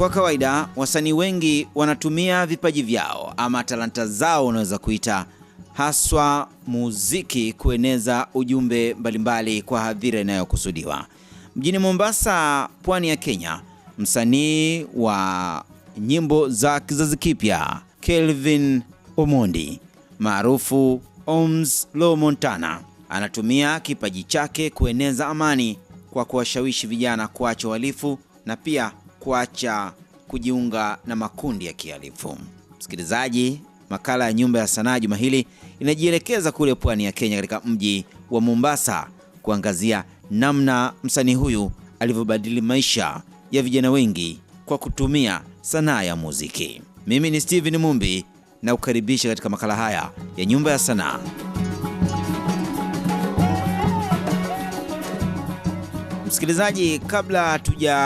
Kwa kawaida wasanii wengi wanatumia vipaji vyao ama talanta zao unaweza kuita, haswa muziki, kueneza ujumbe mbalimbali kwa hadhira inayokusudiwa. Mjini Mombasa, pwani ya Kenya, msanii wa nyimbo za kizazi kipya Kelvin Omondi maarufu Oms lo Montana anatumia kipaji chake kueneza amani kwa kuwashawishi vijana kuacha uhalifu na pia kuacha kujiunga na makundi ya kihalifu. Msikilizaji, makala ya Nyumba ya Sanaa juma hili inajielekeza kule pwani ya Kenya, katika mji wa Mombasa, kuangazia namna msanii huyu alivyobadili maisha ya vijana wengi kwa kutumia sanaa ya muziki. Mimi ni Steven Mumbi na kukaribisha katika makala haya ya Nyumba ya Sanaa. Msikilizaji, kabla tuja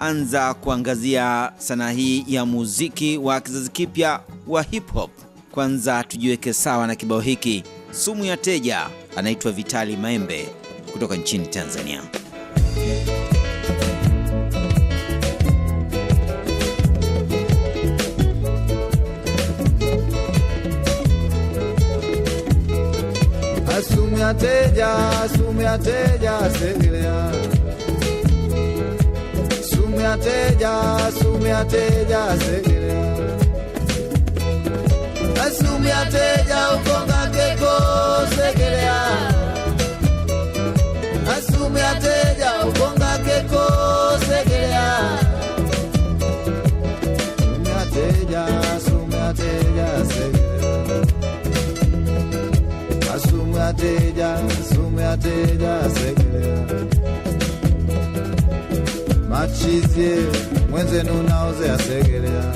anza kuangazia sanaa hii ya muziki wa kizazi kipya wa hip hop. Kwanza tujiweke sawa na kibao hiki, sumu ya teja. Anaitwa Vitali Maembe kutoka nchini Tanzania. Asumu ya teja, asumu ya teja, segelea sumiate ya, sumiate ya, segerea. Sumiate ya, ukonga keko, segerea. Sumiate ya, crea. keko, segerea. Sumiate ya, sumiate ya, segerea. Sumiate ya, sumiate ya, segerea. chizie mwenzenu naoze asegelea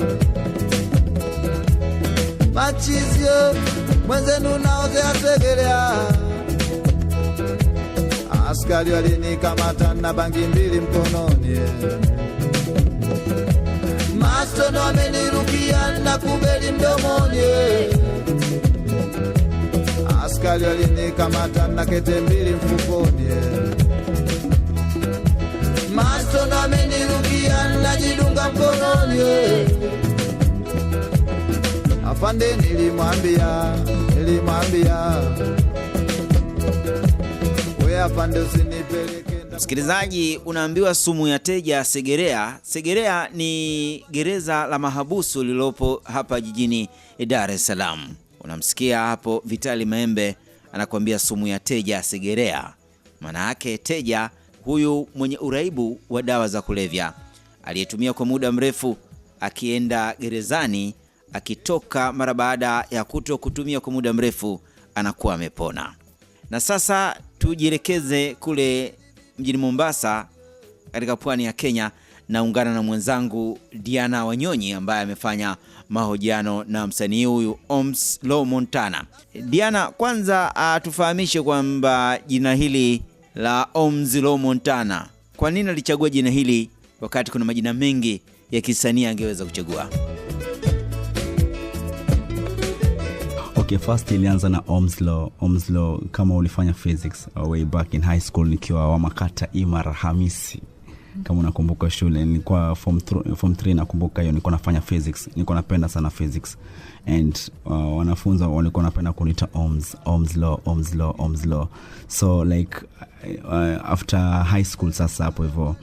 machizye mwenzenu naoze asegelea askari walinikamata na bangi mbili mkononi mastono amenirukia na kubeli mdomoni askari walinikamata na kete mbili mfukoni amenirukia najidunga mkononi eh. afande, nilimwambia nilimwambia, we afande, usinipeleke. Msikilizaji, unaambiwa sumu ya teja Segerea. Segerea ni gereza la mahabusu lililopo hapa jijini Dar es Salaam. Unamsikia hapo Vitali Maembe anakuambia sumu ya teja Segerea, maana yake teja huyu mwenye uraibu wa dawa za kulevya aliyetumia kwa muda mrefu akienda gerezani, akitoka mara baada ya kuto kutumia kwa muda mrefu anakuwa amepona. Na sasa tujielekeze kule mjini Mombasa katika pwani ya Kenya. Naungana na mwenzangu Diana Wanyonyi ambaye amefanya mahojiano na msanii huyu Oms Montana. Diana, kwanza atufahamishe uh, kwamba jina hili la Omzilo Montana. Kwa nini alichagua jina hili wakati kuna majina mengi ya kisanii angeweza kuchagua? Okay, first ilianza na Ohm's law. kama ulifanya physics uh, way back in high school nikiwa Wamakata Imara Hamisi kama unakumbuka shule, nilikuwa form 3 form 3, nakumbuka hiyo, nilikuwa nafanya physics, nilikuwa napenda sana physics and uh, wanafunza walikuwa wanapenda kunita oms oms law, oms law, oms law. So like uh, after high school sasa hapo hivyo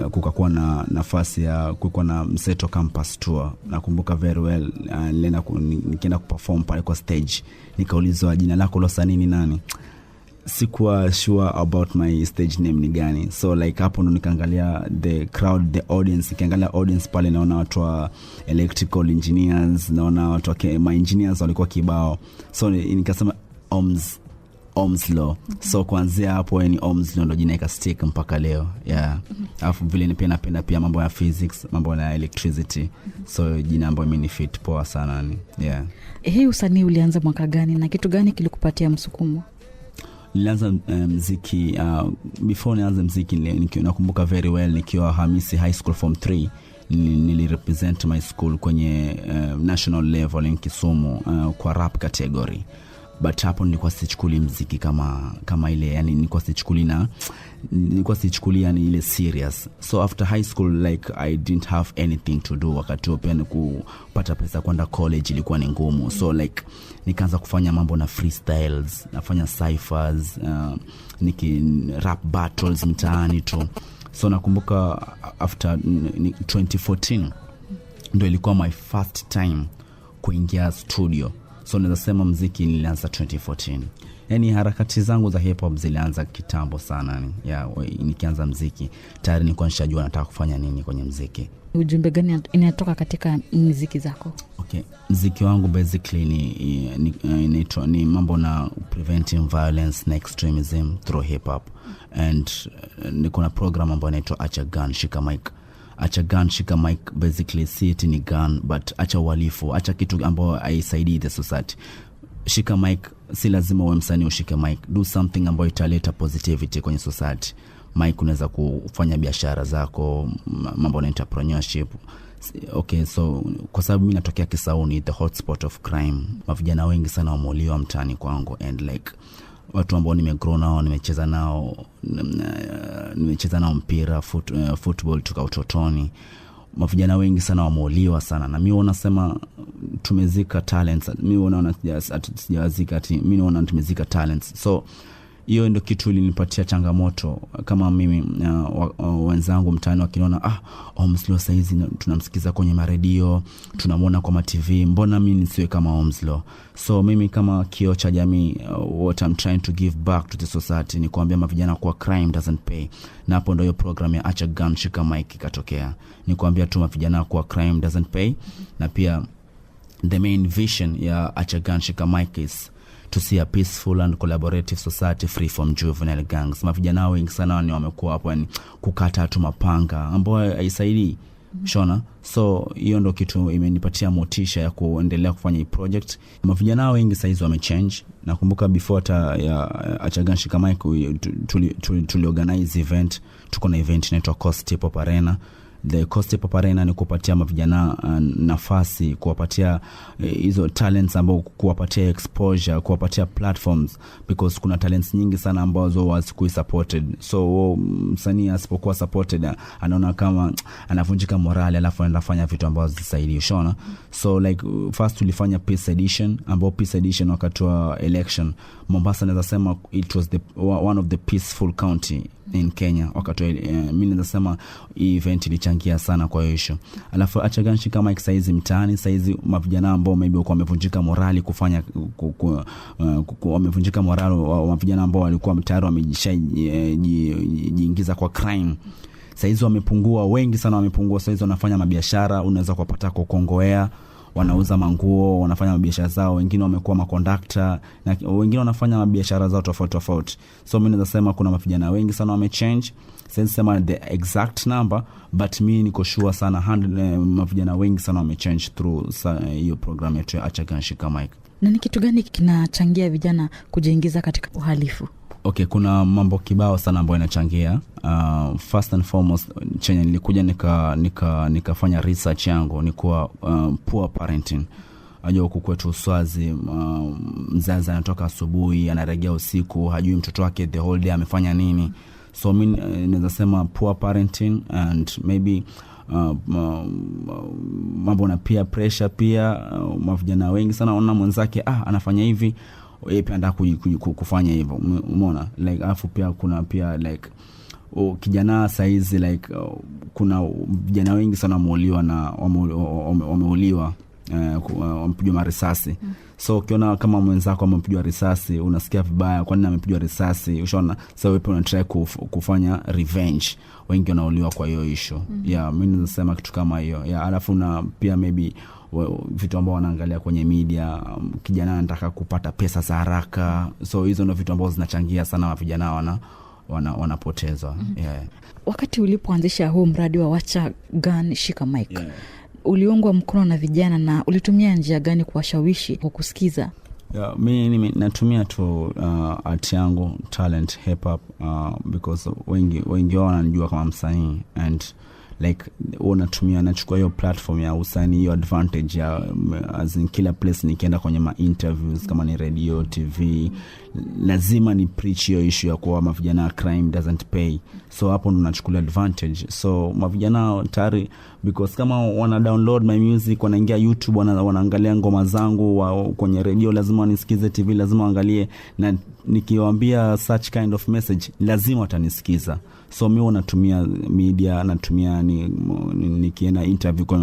uh, kukakuwa na nafasi ya kukuwa na mseto campus tour nakumbuka very well uh, nikienda kuperform pale kwa stage nikaulizwa jina lako losa nini nani sikuwa sure about my stage name ni gani, so like hapo ndo nikaangalia the crowd, the audience. Nikiangalia audience pale, naona watu wa electrical engineers, naona watu wa my engineers walikuwa kibao, so nikasema OMS Omslo. Mm -hmm. So kuanzia hapo ni Omslo ndo jina ikastick mpaka leo. Yeah. Mm -hmm. vile ni pia napenda pia mambo ya physics, mambo ya electricity. Mm -hmm. So jina ambayo imenifit poa sana ni. Yeah. Hii usanii ulianza mwaka gani na kitu gani kilikupatia msukumo? Eh, ah, nilianza mziki uh, before nianze mziki nakumbuka very well nikiwa Hamisi High School form 3 nilirepresent my school kwenye uh, national level in Kisumu uh, kwa rap category but hapo nilikuwa sichukuli mziki kama kama ile yani nilikuwa sichukuli na nilikuwa sichukuli yani ile serious so after high school like i didn't have anything to do wakati huo pia nikupata pesa kwenda college ilikuwa ni ngumu so like nikaanza kufanya mambo na freestyles nafanya cyphers uh, niki rap battles mtaani tu so nakumbuka after 2014 ndo ilikuwa my first time kuingia studio so nazasema mziki nilianza 2014 yani harakati zangu za hip hop zilianza kitambo sana nikianza mziki tayari nikuwa nishajua nataka kufanya nini kwenye mziki ujumbe gani inatoka katika mziki zako okay. mziki wangu basically ni, ni, ni, ni, ni mambo na preventing violence na extremism through hip hop and eh, niko na program ambayo inaitwa achagan gun shika mike acha gun shika mik basically si ni gun but acha uhalifu acha kitu ambayo aisaidii the society shika mike si lazima uwe msanii ushike mike do something ambayo italeta positivity kwenye society mike unaweza kufanya biashara zako mambo na entrepreneurship okay so kwa sababu mi natokea kisauni the hotspot of crime mavijana wengi sana wameuliwa mtaani kwangu and like watu ambao nimegrow nao nimecheza nao nimecheza nao mpira foot, uh, football toka utotoni mavijana wengi sana wameoliwa sana na mi wanasema tumezika talents mi naona sijawazika ati mi naona tumezika talents so hiyo ndio kitu ilinipatia changamoto kama mimi uh, uh wenzangu mtaani wakiniona ah, Omslo saizi tunamsikiza kwenye maredio tunamwona kwa matv, mbona mi nisiwe kama Omslo? So mimi kama kio cha jamii uh, what I'm trying to give back to the society ni kuambia mavijana kuwa crime doesn't pay, na hapo ndio hiyo program ya acha gun shika mike ikatokea, ni kuambia tu mavijana kuwa crime doesn't pay, na pia the main vision ya acha gun shika mike is to see a peaceful and collaborative society free from juvenile gangs. Mavijana wengi sana ni wamekuwa hapo yani kukata tu mapanga ambayo haisaidii Shona, so hiyo ndo kitu imenipatia motisha ya kuendelea kufanya hii project. Mavijana wengi saizi wamechange. Nakumbuka before hata Achagan Shikamai tuliorganize tuli, tuli event, tuko na event inaitwa Coast Hip Hop Arena the Costa Pop Arena ni kuwapatia mavijana uh, nafasi, kuwapatia eh, hizo talents ambao, kuwapatia exposure, kuwapatia platforms because kuna talents nyingi sana ambazo wasikui supported. So msanii asipokuwa supported, anaona kama anavunjika morali, alafu anafanya vitu ambazo zisaidii, ushaona. So like first tulifanya peace edition, ambao peace edition wakati wa election Mombasa, anaweza sema it was the one of the peaceful county in Kenya wakati uh, mimi ninasema hii event ilichangia sana kwa hiyo. Alafu achaganshi kama saizi mtaani saizi mavijana ambao maybe walikuwa wamevunjika morali kufanya eh, wamevunjika morali wa ambao walikuwa tayari wameshajiingiza eh, kwa crime saizi wamepungua, wengi sana wamepungua. Saizi wanafanya mabiashara, unaweza kuwapata kokongoea wanauza manguo, wanafanya biashara zao, wengine wamekuwa makondakta na wengine wanafanya biashara zao tofauti tofauti. So mi nazasema kuna mavijana wengi sana wamechange, sisema the exact number but mi niko shua sana eh, mavijana wengi sana wamechange through eh, hiyo programu yetu ya achaganshikamik Na ni kitu gani kinachangia vijana kujiingiza katika uhalifu? okay, kuna mambo kibao sana ambayo inachangia. Uh, first and foremost chenye nilikuja nika, nika, nikafanya research yangu ni kuwa um, poor parenting. huku kwetu Uswazi, um, mzazi anatoka asubuhi anaregea usiku, hajui mtoto wake the whole day amefanya nini. So mi eh, naweza sema poor parenting and maybe Uh, um, mambo na pia pressure pia uh, mavijana wengi sana ona mwenzake ah, anafanya hivi yeye pia anataka kufanya hivyo, umeona like. Alafu pia kuna pia like o, kijana saizi like kuna vijana wengi sana wameuliwa na wameuliwa Eh, uh, eh, wampigwa marisasi mm. So ukiona kama mwenzako amepigwa risasi unasikia vibaya, kwanini nini amepigwa risasi? Ushaona sasa, wewe kuf, kufanya revenge, wengi wanauliwa kwa hiyo ishu mm. Mm-hmm. Yeah, mimi nasema kitu kama hiyo yeah, alafu na pia maybe vitu ambao wanaangalia kwenye media, um, kijana anataka kupata pesa za haraka, so hizo ndo vitu ambao zinachangia sana vijana wana wanapotezwa wana mm -hmm. yeah. Wakati ulipoanzisha huu mradi wa wacha gun shika yeah uliungwa mkono na vijana na ulitumia njia gani kuwashawishi kwa kusikiza? Yeah, mi natumia tu uh, art yangu talent hip hop uh, because wengi wengi wao wananijua kama msanii and like unatumia nachukua hiyo platform ya usani hiyo advantage ya mm, as in kila place nikienda kwenye ma interviews kama ni radio tv lazima ni preach hiyo issue ya kuwa mavijana crime doesn't pay so hapo ndo nachukulia advantage so mavijana tayari because kama wana download my music wanaingia youtube wana, wanaangalia ngoma zangu wa, kwenye redio lazima wanisikize tv lazima waangalie na nikiwaambia such kind of message lazima watanisikiza so mi wanatumia media natumia nikienda ni, ni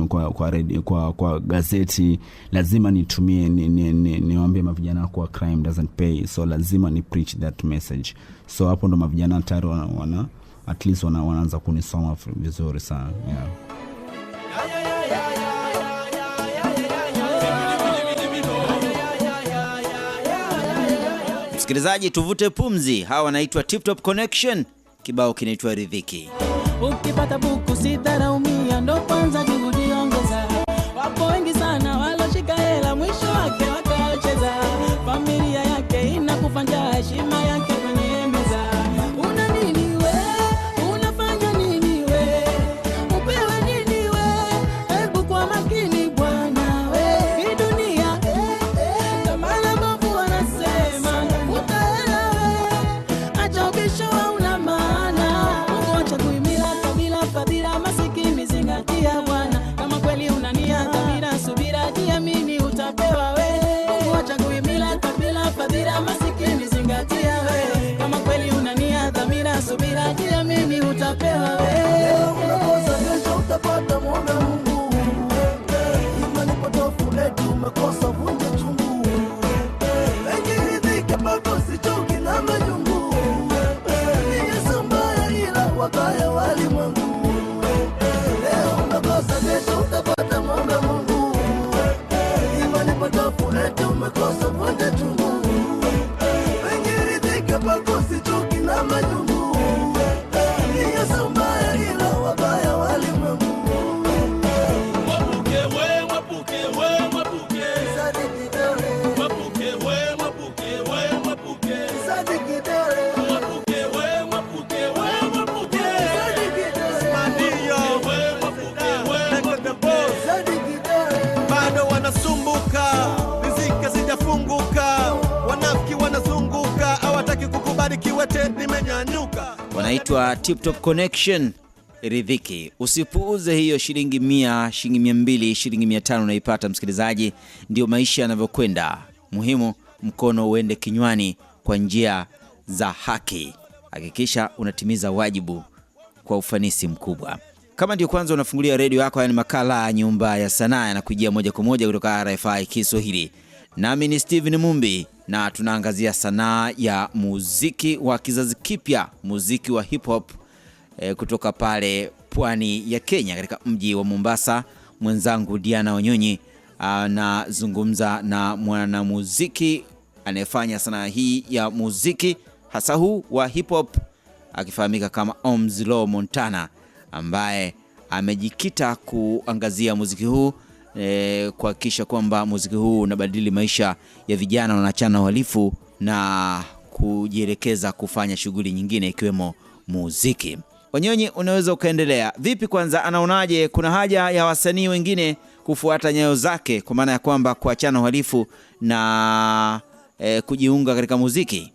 kwa, kwa, kwa, kwa, kwa gazeti lazima nitumie niwambie ni, ni, ni mavijana kuwa crime doesn't pay so lazima ni preach that message so hapo ndo mavijana tayari wana, wana at least wana, wanaanza kunisoma vizuri sana yeah. msikilizaji tuvute pumzi hawa wanaitwa tiptop connection Kibao kinaitwa Ridhiki. Ukipata buku sidharaumia ndo kwanza wanasumbuka, riziki zijafunguka wanafiki wanasumbuka wete nimenyanyuka. Wanaitwa Top Connection. Ridhiki, usipuuze hiyo shilingi mia, shilingi mia mbili, shilingi mia tano unaipata msikilizaji. Ndio maisha yanavyokwenda. Muhimu mkono uende kinywani kwa njia za haki. Hakikisha unatimiza wajibu kwa ufanisi mkubwa. Kama ndio kwanza unafungulia redio yako, yani makala ya Nyumba ya Sanaa yanakujia moja kwa moja kutoka RFI Kiswahili, nami ni Steven Mumbi na tunaangazia sanaa ya muziki wa kizazi kipya, muziki wa hip hop e, kutoka pale pwani ya Kenya katika mji wa Mombasa. Mwenzangu Diana Onyonyi anazungumza na mwanamuziki anayefanya sanaa hii ya muziki hasa huu wa hip hop akifahamika kama Omzlo Montana ambaye amejikita kuangazia muziki huu e, kuhakikisha kwamba muziki huu unabadili maisha ya vijana wanachana uhalifu na kujielekeza kufanya shughuli nyingine ikiwemo muziki. Wanyonyi, unaweza ukaendelea vipi? Kwanza anaonaje, kuna haja ya wasanii wengine kufuata nyayo zake, kwa maana ya kwamba kuachana uhalifu na e, kujiunga katika muziki?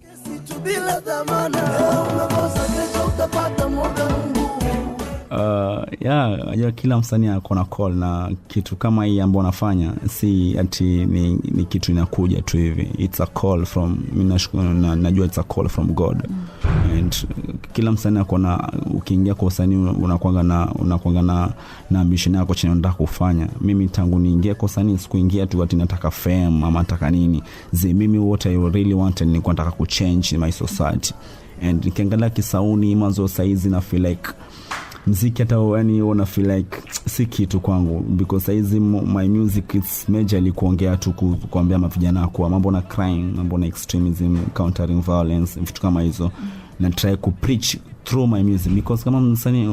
uh, yeah, najua kila msanii ako na call na kitu kama hii ambao nafanya si ati ni, ni kitu inakuja tu hivi, it's a call from na, najua it's a call from God mm. and kila msanii ako na, ukiingia kwa usanii unakwanga na unakwanga na, na ambition yako chini unataka kufanya. Mimi tangu niingia kwa usanii sikuingia tu ati nataka fame ama nataka nini zi, mimi what I really wanted nilikuwa nataka kuchange my society and nikiangalia Kisauni mazo saizi na feel like mziki hata yani una feel like si kitu kwangu because saizi my music it's majorly kuongea tu kuambia mavijana kuwa mambo na crime mambo na extremism countering violence vitu kama hizo na try ku preach through my music because kama msanii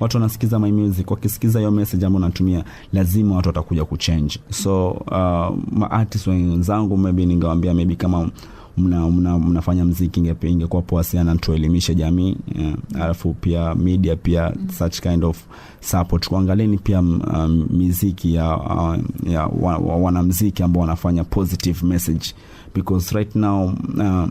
watu wanasikiza my music wakisikiza hiyo message ambayo natumia lazima watu watakuja kuchange so uh, maartist wenzangu maybe ningewaambia maybe kama mna, mna, mnafanya mziki, ingekuwa poa sana tuelimishe jamii yeah. Alafu pia media pia mm. such kind of support kuangalieni pia mm, um, miziki ya, uh, ya wanamziki wa, wa, ambao wanafanya positive message because right now uh,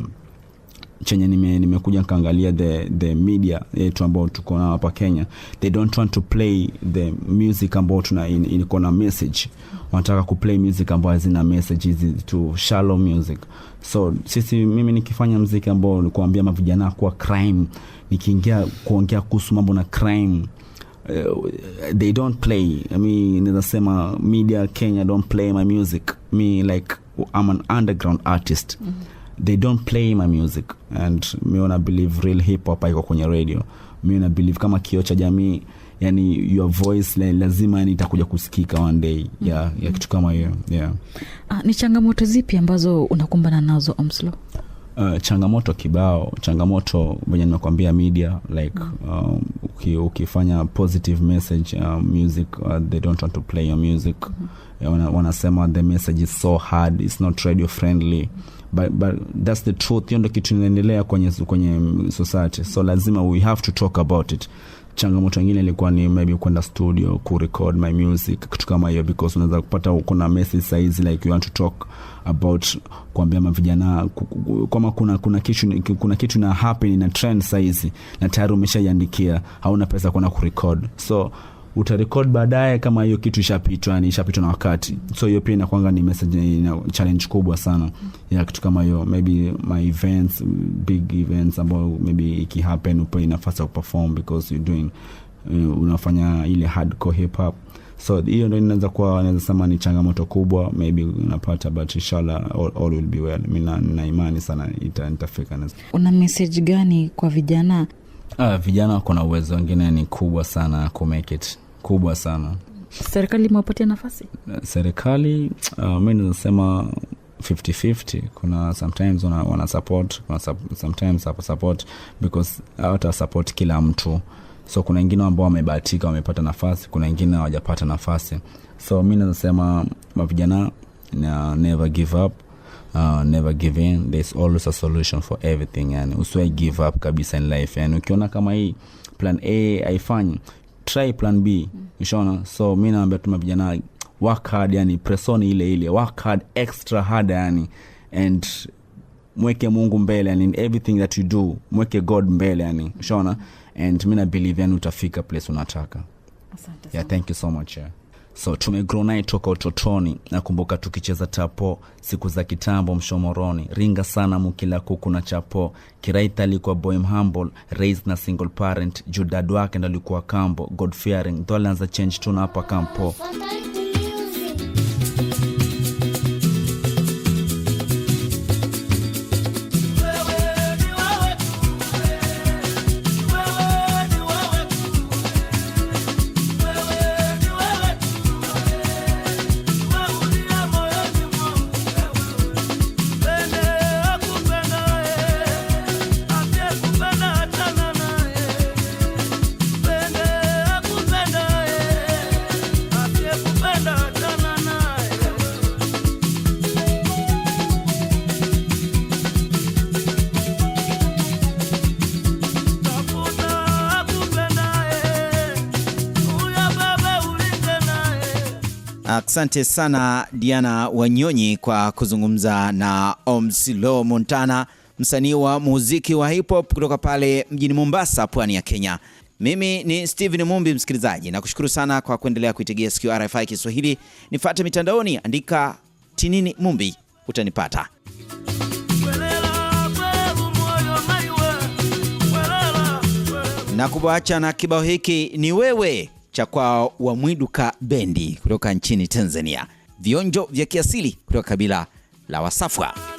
chenye nimekuja nime nikaangalia the, the media yetu ambao tuko nao hapa Kenya, they don't want to play the music ambao tuna iko na message. Wanataka kuplay music ambao hazina message, hizi tu shallow music. So sisi, mimi nikifanya mziki ambao nikuambia mavijana kuwa crime, nikiingia kuongea kuhusu mambo na crime Uh, they don't play mi ninasema media Kenya don't play my music me like I'm an underground artist mm -hmm they don't play my music and mi na believe real hip hop haiko kwenye radio mi na believe kama kioo cha jamii yani your voice la, lazima yani itakuja kusikika one day ya, mm-hmm. yeah, mm-hmm. ya kitu kama hiyo yeah. Uh, ni changamoto zipi ambazo unakumbana nazo omslo Uh, changamoto kibao changamoto venye nimekwambia media like mm. um, uki, ukifanya positive message uh, music uh, they don't want to play your music mm-hmm. wanasema wana the message is so hard it's not radio friendly mm-hmm but, but that's the truth. Hiyo ndo kitu inaendelea kwenye, kwenye society, so lazima we have to talk about it. Changamoto ingine ilikuwa ni maybe kwenda studio kurecord my music, kitu kama hiyo, because unaweza kupata kuna message saizi like you want to talk about kuambia mavijana kama kuna, kuna kitu kuna kitu na happen na trend saizi na tayari umeshaiandikia, hauna pesa kwenda kurecord so utarekod baadaye kama hiyo kitu ishapitwa, ni ishapitwa na wakati. So hiyo pia inakwanga ni message ina challenge kubwa sana ya kitu kama hiyo, maybe my events, big events ambayo maybe ikihappen upe nafasi ya kuperform because you doing uh, unafanya ile hardcore hip hop so hiyo ndo inaweza kuwa naweza sema ni changamoto kubwa maybe unapata but inshallah all, all will be well mi na imani sana ita, nitafika una message gani kwa vijana uh, vijana wako na uwezo wengine ni kubwa sana kumake it kubwa sana. Serikali imewapatia nafasi? Serikali uh, mi nazasema 50 kuna sometimes wana, wana support kuna sometimes hapo support because hawata support kila mtu so kuna wengine ambao wamebahatika wamepata nafasi kuna wengine hawajapata nafasi so mi nazasema mavijana na never give up Uh, never give in thereis always a solution for everything yani usiwai give up kabisa in life yani ukiona kama hii plan a haifanyi try plan b ushona mm. so mi naambia tuma vijana work hard yani presoni ile ile work hard extra hard yani and mweke mungu mbele yani everything that you do mweke god mbele yani ushona mm. and mi na believe yani utafika place unataka asante yeah, thank you so much yeah. So tumegrona toka utotoni, nakumbuka tukicheza chapo siku za kitambo Mshomoroni, ringa sana mukila kuku na chapo. Kiraita alikuwa boy humble, rais na single parent, juu wake ndo alikuwa kambo god fearing, alianza change tuna hapa kampo Asante sana Diana Wanyonyi kwa kuzungumza na Omslow Montana, msanii wa muziki wa hip hop kutoka pale mjini Mombasa, pwani ya Kenya. Mimi ni Steven Mumbi, msikilizaji, nakushukuru sana kwa kuendelea kuitegea sikio RFI Kiswahili. nifate mitandaoni, andika tinini Mumbi utanipata. Na na kibao hiki ni wewe cha kwa Wamwiduka bendi kutoka nchini Tanzania, vionjo vya kiasili kutoka kabila la Wasafwa.